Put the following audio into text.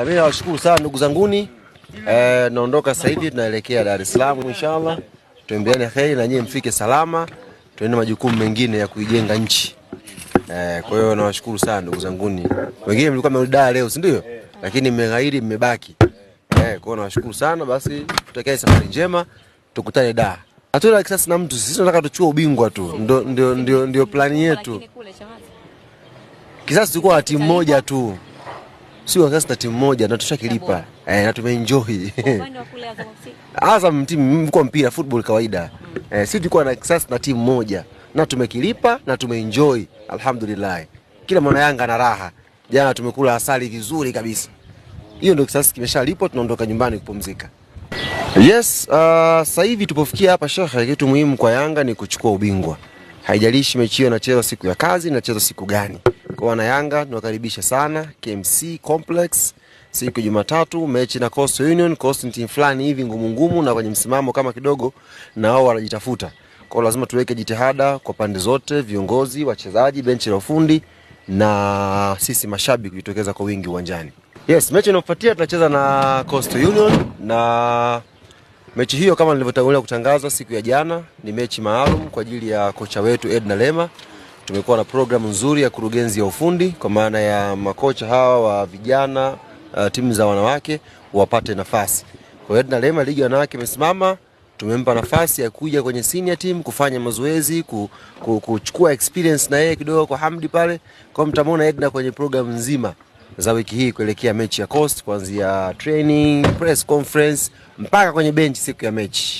Mimi nawashukuru sana ndugu zanguni, eh, naondoka sasa hivi tunaelekea Dar es Salaam inshallah. Tuembeane heri na nyie mfike salama, tuende majukumu mengine ya kuijenga nchi. Eh, kwa hiyo nawashukuru sana ndugu zanguni. Wengine mlikuwa mmerudia leo, si ndio? Lakini mmeghairi mmebaki. Eh, kwa hiyo nawashukuru sana basi, tutakae safari njema, tukutane Dar. Hatuna kisasi na mtu, sisi tunataka tuchue ubingwa tu. Ndio ndio ndio, ndio plani yetu. Kisasi tulikuwa timu moja tu si wakasi na timu moja na tushakilipa eh, na tumeenjoy Azam timu mko mpira football kawaida mm. eh, si tulikuwa na kisasi na timu moja na tumekilipa na tumeenjoy alhamdulillah. Kila mwana Yanga na raha. Jana tumekula asali vizuri kabisa. Hiyo ndio kisasi kimeshalipwa, tunaondoka nyumbani kupumzika. Yes, uh, sasa hivi tupofikia hapa shekhe, kitu muhimu kwa Yanga ni kuchukua ubingwa. Haijalishi mechi hiyo inachezwa siku ya kazi, inachezwa siku gani. Kwa wana Yanga niwakaribisha sana KMC Complex siku ya Jumatatu, mechi na Coastal Union. Coastal team fulani hivi ngumu ngumu na kwenye msimamo kama kidogo, na wao wanajitafuta kwao. Lazima tuweke jitihada kwa pande zote, viongozi, wachezaji, benchi la ufundi na sisi mashabiki kujitokeza kwa wingi uwanjani. Yes, mechi inayofuatia tunacheza na Coastal Union na mechi hiyo kama nilivyotangulia kutangaza siku ya jana, ni mechi maalum kwa ajili ya kocha wetu Edna Lema Tumekuwa na programu nzuri ya kurugenzi ya ufundi kwa maana ya makocha hawa wa vijana uh, timu za wanawake wapate nafasi. Kwa hiyo Lema ligi ya wanawake imesimama, tumempa nafasi ya kuja kwenye senior team kufanya mazoezi ku, ku, kuchukua experience na yeye kidogo kwa Hamdi pale. Kwa mtamwona Edna kwenye programu nzima za wiki hii kuelekea mechi ya Coast, kuanzia training, press conference mpaka kwenye benchi siku ya mechi.